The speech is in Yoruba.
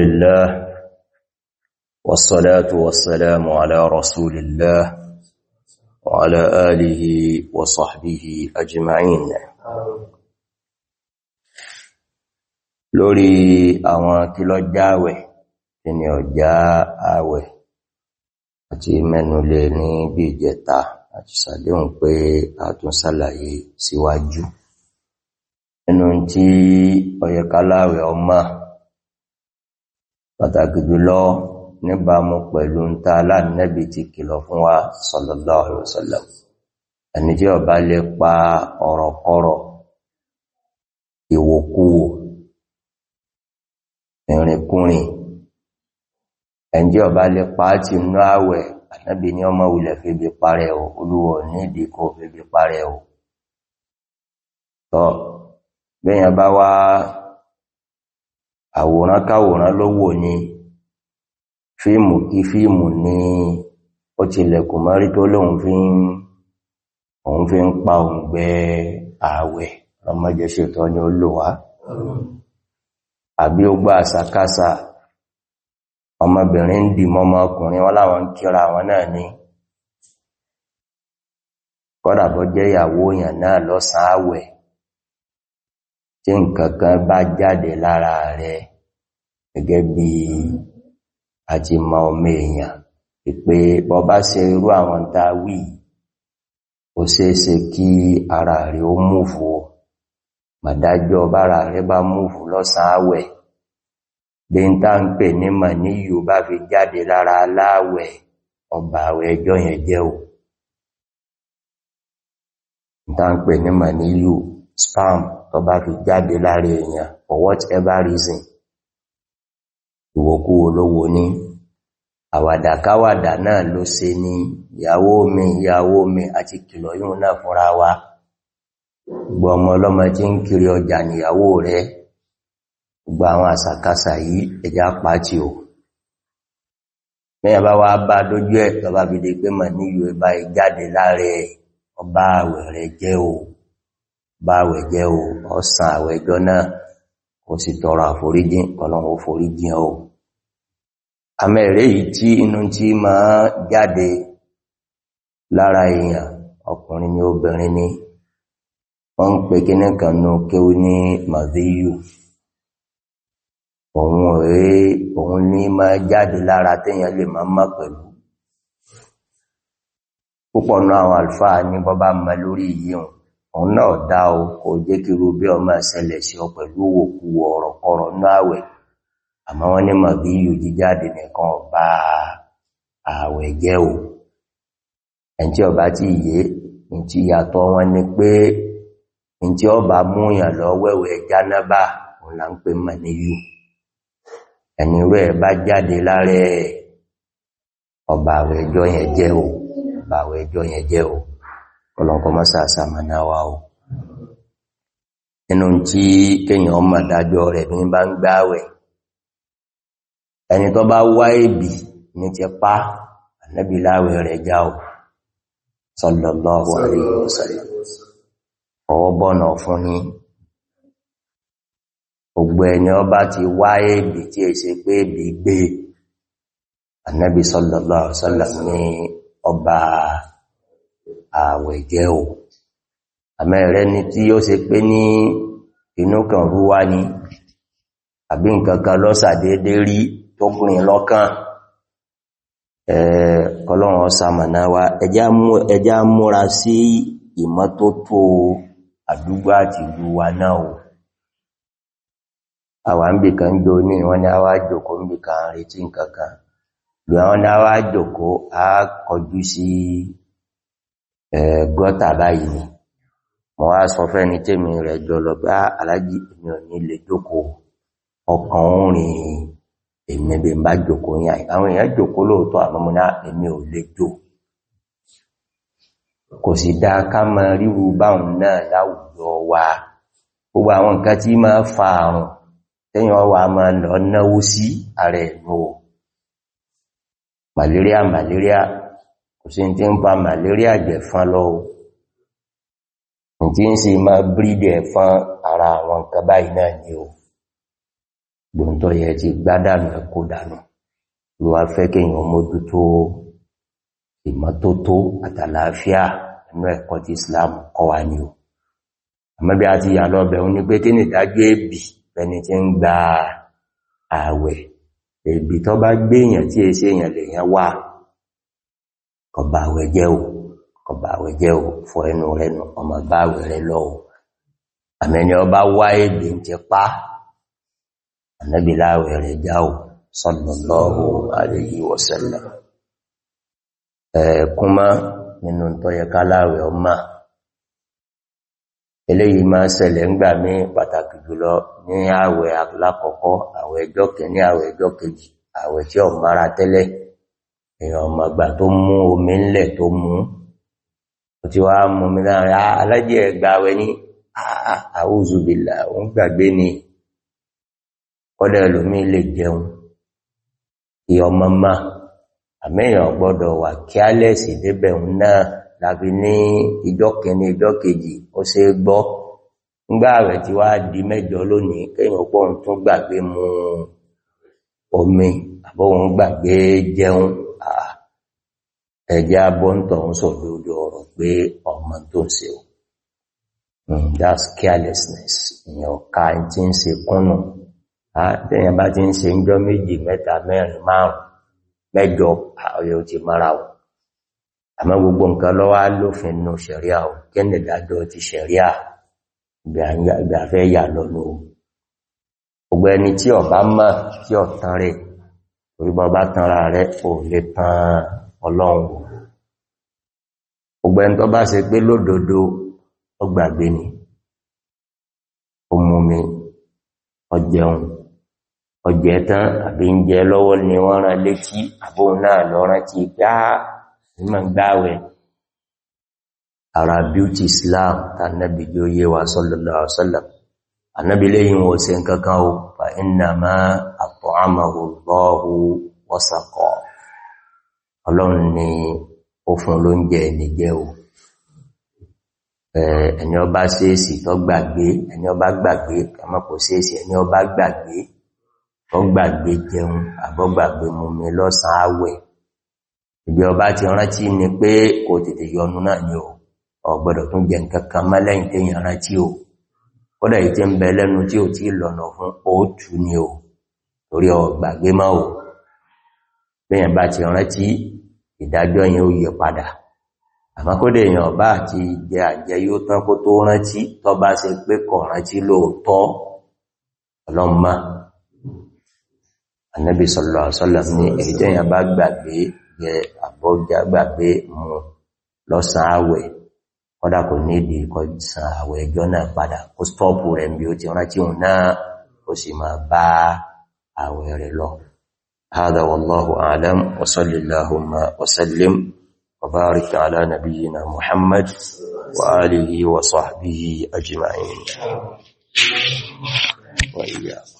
الله والصلاة والسلام على رسول الله وعلى آله وصحبه أجمعين lórí àwọn kìlọ jáwẹ̀ tí ni ọjá àwẹ̀ àti mẹ́nulẹ̀ ní bí ìjẹta àti sàdéhùn pé a tún sàlàyé síwájú nínú tí ọyẹ̀káláwẹ̀ ọmọ pàtàkì jùlọ níbàámu pẹ̀lú ń ta aláàrínẹ́bì ti kìlọ̀ fún wa sallallahu alaihi wasallam ẹni tí ó bá lè pa ọ̀rọ̀kọ́rọ̀ ìwòkúwò ìrìnkúrìn ẹni tí ó bá lè pa á ti nú àwẹ̀ ànábì ní ọmọ wulẹ̀ febi parẹ́ olúwọ̀ nídìí kó febi parẹ́ bẹ́yàn bá wá àwòrán káwòrán ló wò ni fíìmù kí fíìmù ni ó tilẹ̀kùn mọ́rí tó lóun fi ń òun fi ń pa òun gbẹ ààwẹ̀ ọmọdé ṣètọ́ ni ó lò wá àbí ó gbá àsàkásà ọmọbìnrin ń dì mọ́mọ́ wọ́n láwọn kíra wọn náà ni kọ́dà jẹ́ ìyàwó èèyàn náà lọ́sàn ààwẹ̀ tí nǹkan kan bá jáde lára rẹ̀ gẹ́gẹ́ bí a ti ma ọmọ èèyàn pípé bọba ṣe irú àwọn ta wí ó ṣeéṣe kí ara rẹ̀ ó múfù ó màdájọ́ bára rẹ̀ bá múfù lọ́sàn áwẹ̀ bí n tá ń pè ní ní yíò bá fi jáde lára aláwẹ̀ ọba àwẹ̀ ẹjọ́ yẹn jẹ́ ò tá ń pè ní ní yíò spam tó bá fi jáde lára èèyàn for whatever reason ìwòkúwò lówó ní àwàdàkáwàdà náà ló se ní ìyàwó mi ìyàwó mi àti kìlọ̀ yíò náà fúnra wa gbọmọ ọlọ́mọ tí ń kiri ọjà níyàwó rẹ̀ gbogbo àwọn àsàkásà yìí ẹja pàtí o mẹ́yàn bá wá bá dójú ẹ̀ tọba fi dé pé mọ̀ ní ìlú ẹba ìjáde láàrẹ ọba àwẹ̀ rẹ̀ jẹ́ o bá àwẹ̀ jẹ́ o ọ̀sán àwẹ̀jọ́ náà kò sì tọrọ àforíjìn ọlọ́run ó foríjìn o àmẹ́rẹ̀ yìí tí inú tí máa jáde lára èèyàn ọkùnrin ni obìnrin ni wọ́n ń pè kí nìkan ní kéwú ní maziyu òun rẹ̀ òun ní máa jáde lára téèyàn lè máa má pẹ̀lú púpọ̀ náà àwọn àlùfáà ní bọ́bá mọ́ lórí yìí òun náà dá o kò jẹ́ kí rú bí ọmọ ṣẹlẹ̀ sí ọ pẹ̀lú òkú ọ̀rọ̀kọ̀rọ̀ náà wẹ̀ àmọ́ wọ́n ní mọ̀ bí yóò jíjáde nìkan ọba ààwẹ̀ jẹ́ o ẹn tí ọba tí yé ń tí yàtọ̀ wọn ni pé ń tí ọba múyàn lọ wẹ́wẹ́ jánábà òun là ń pè mọ̀ níyù ẹni rẹ̀ bá jáde lárẹ́ ọba àwẹ̀ ẹjọ́ yẹn jẹ́ o ọba àwẹ̀ ẹjọ́ o kọlọ̀kọ́ tí kéèyàn ọmọ dájọ́ rẹ̀ bí bá ń gbáwẹ̀ ẹni tó bá wá èbì ní ti pa ànábì láwẹ̀ rẹ̀ já o sallallahu alaihi wasallam ọwọ́ bọ́nà fún ní gbogbo ọba ti wá èbì tí è ṣe pé èbì gbé ànábì sallallahu alaihi ní ọba àwẹ̀ jẹ́ o àmẹ́rẹ́ ni tí ó ṣe pé ní inú kan rúwá ni àbí nǹkan kan lọ́sàdédé rí tó gùnrin lọ́kàn ọlọ́run ọsàmàná wa ẹjá múra sí ìmọ́tótó àdúgbò àti ìlú wa náà o àwa ń bì kan jọ ní wọ́n ní a wá jòkó ń bì kan retí nǹkankan bí wọ́n ní a wá jòkó a kọjú sí gọ́tà báyìí mo wá sọ fẹ́ni tèmi rẹ̀ jọ lọ bá aláàjì èmi ní lè jókòó ọkàn orin èmi bí n bá jòkó yà àwọn èèyàn jòkó lóòótọ́ àmọ́mọ́ná èmi ò lè jò kò sì dá ká mọ ríru báhùn náà láwùjọ wa gbogbo àwọn nǹkan tí máa fa àrùn tẹ́yìn ọwà máa lọ náwó sí ààrẹ ẹ̀nù o malaria malaria kò sí tí ń ba malaria jẹ̀fán lọ o tí ń sì máa brídẹ̀ fán ara àwọn nǹkan báyìí náà ni o gbòǹtọ́ yẹ ti gbádànù ẹ̀kọ́ dànù ló wá fẹ́ kéèyàn mójútó ìmọ́tótó àtàlàáfíà inú ẹ̀kọ́ ti Islam kọ́ wa ni o àmọ́ bí a ti yà lọ bẹ̀rún ni pé kí ni ìdájọ́ èbì ẹni tí ń gba ààwẹ̀ èbì tó bá gbé èèyàn tí èsì èèyàn lè yẹn wà kọba àwẹ̀ jẹ́ o kọba àwẹ̀ jẹ́ o fọ ẹnu rẹ nù ọmọ bá àwẹ̀ rẹ lọ o àmẹ́ni ọba wá èbì ń ti pa á ànábì láwẹ̀ rẹ̀ jáò sallallahu alayhi wa sallam ẹ̀ẹ̀kúnmá nínú tọ́yẹká láwẹ̀ ọmọ eléyìí máa ṣẹlẹ̀ ń gbà mí pàtàkì jùlọ ní àwẹ̀ alákọ̀ọ́kọ́ àwẹ̀ ẹjọ́ kìíní àwẹ̀ ẹjọ́ kejì àwẹ̀ tí ọmọ ara tẹ́lẹ̀ èèyàn ọmọ àgbà tó mú omi ńlẹ̀ tó mú ó ti wá mú mi láàrin alájẹ́ ẹgbà àwẹ̀ ní ah, ah, ah, àwùzùbìlà òun gbàgbé ni kọ́dá ẹlòmíì lè jẹun kí ọmọ máa àmẹ́yàn gbọ́dọ̀ wà kí á lẹ́sì débẹ̀ náà lábi ní ìjọ́ kẹni ìjọ́ kejì ó ṣe gbọ́ ńgbà rẹ̀ ti wá di mẹ́jọ lónìí kéèyàn pọ̀ ń tún gbàgbé mu omi àbóhun gbàgbé jẹun ẹ̀jẹ̀ abọ́ntọ̀ ń sọ lórí ọ̀rọ̀ pé ọmọ tó ń ṣe o hmm, that's carelessness èèyàn ká ń tí ń ṣe kúnnù àtẹ́yàn bá ti ń ṣe ńjọ́ méjì mẹ́ta mẹ́rin márùn mẹ́jọ ọ̀yọ̀ ti mara ọ̀ àmọ́ gbogbo nǹkan lọ́wọ́ lófin nù ṣẹ̀ríà ọ̀ kẹ́nì dájọ́ ti ṣẹ̀ríà ìgbàfẹ́ yà lọ́nà gbogbo ẹni tí ọba mọ̀ kí ọ̀tán rẹ̀ orígbọ́ bá tanra rẹ̀ ò lè tan ọlọ́run gbogbo ọjẹun ọjẹ́ tán àbí ń jẹ lọ́wọ́ ni wọ́n rán létí àbóhun náà lọ rántí pé á ìmọ̀ gbáwẹ̀ ara beauty islam tànàbí jẹ́ oyé wa sallallahu alaihi wasallam ànábí lẹ́yìn wọ́n ṣe nǹkankan o fa innama at'amahu Allahu wa saqa ọlọ́run ni ó fún ló ń o ẹni ọba ṣeéṣì tó gbàgbé ẹni ọba gbàgbé kàmọ́ kò ṣeéṣì ẹni ọba gbàgbé ọgbàgbé jẹun àbọ́gbàgbé mumi lọ́sàn àwẹ̀ ìgbé ọba ti rántí ni pé kò tètè yọnu náà ni o ọ̀gbọ́dọ̀ tún jẹ nǹkankan mọ́ lẹ́yìn tí yàn rántí o kódà yìí tí ń bẹ lẹ́nu tí ò tí lọ́nà fún oótù ni o torí ọgbàgbé mọ́ o bẹ́yàn bá ti rántí ìdájọ́ yẹn Ànábì sallallahu alaihi wasallam ní èyíjẹ́yàn bá gbàgbé jẹ àbọ́já gbàgbé mú lọ́sàn àwẹ̀ kọ́dà kò ní ìdí ìkọ̀sàn àwẹ̀ ẹjọ́ náà padà kó stọ́ọ̀pù rẹ̀ bí ó ti rántí òun náà ó sì máa bá àwẹ̀ rẹ̀ lọ هذا والله أعلم وصل اللهم وسلم وبارك على نبينا محمد وآله وصحبه أجمعين وإياكم